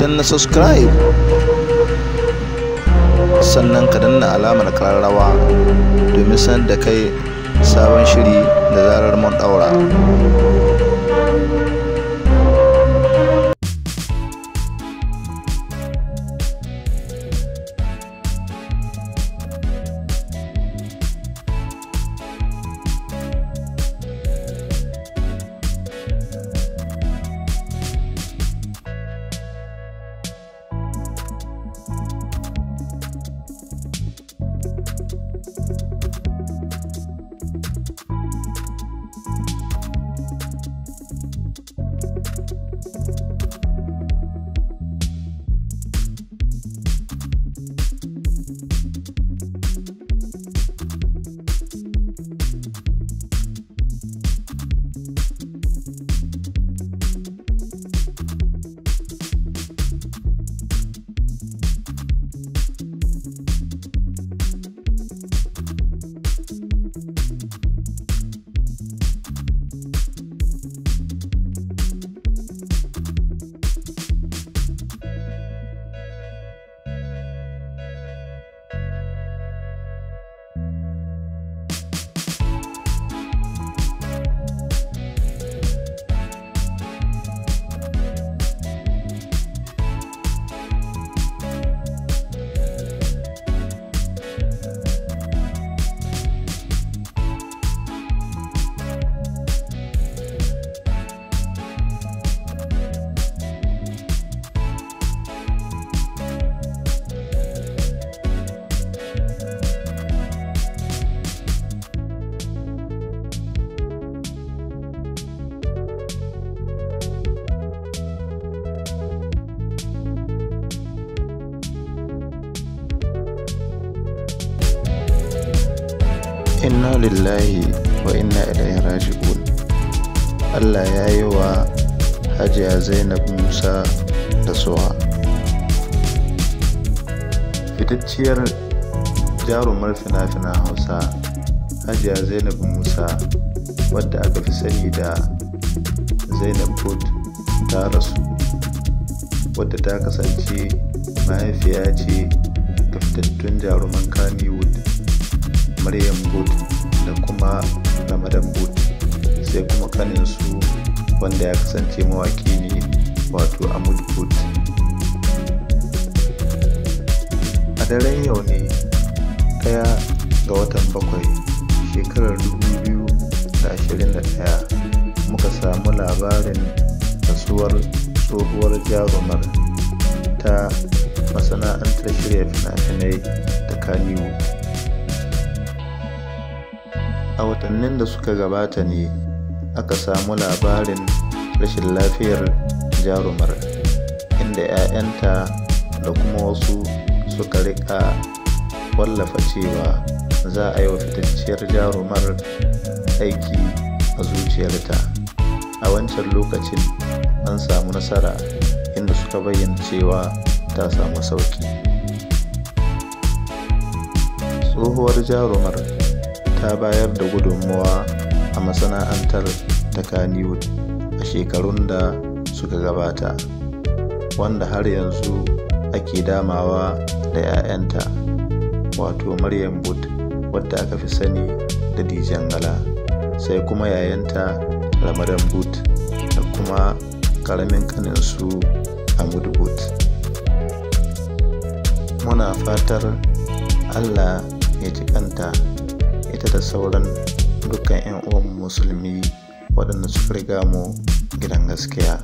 danna subscribe sannan ka danna alamar kararrawa domin san da kai sabon shiri da zarar mun daura Inna lillahi wa inna ilaihi raji'un. Allah ya yi wa Hajiya Zainab Musa da suwa. Fitacciyar jarumar fina-finan Hausa, Hajiya Zainab Musa, wadda aka fi sani da Zainab Food ta rasu, wadda ta kasance mahaifiya ce ga fitattun jaruman Kannywood. maryam boot da kuma ramadan boot sai kuma kaninsu wanda ya kasance mawaki ne wato amud boot a daren yau ne ɗaya ga watan bakwai shekarar 2021 muka samu labarin rasuwar tsohuwar jarumar ta masana'antar shirya fina-finai ta kaniwu a watannin da suka gabata ne aka samu labarin rashin lafiyar jarumar inda 'ya'yanta da kuma wasu suka rika wallafa cewa za a yi wa fitacciyar jarumar aiki a zuciyarta a wancan lokacin an samu nasara inda suka bayyana cewa ta samu sauki tsohuwar jarumar ta bayar da gudunmawa a masana'antar ta Kaniwood a shekarun da suka gabata, wanda har yanzu ake damawa da 'ya'yanta, wato Maryam but wadda aka fi sani da Dijan Gala, sai kuma yayanta Ramadan but da kuma ƙaramin ƙaninsu a Boat. Muna fatar Allah ya ci kanta ita da sauran dukkan 'yan uwan musulmi waɗanda su riga mu gidan gaskiya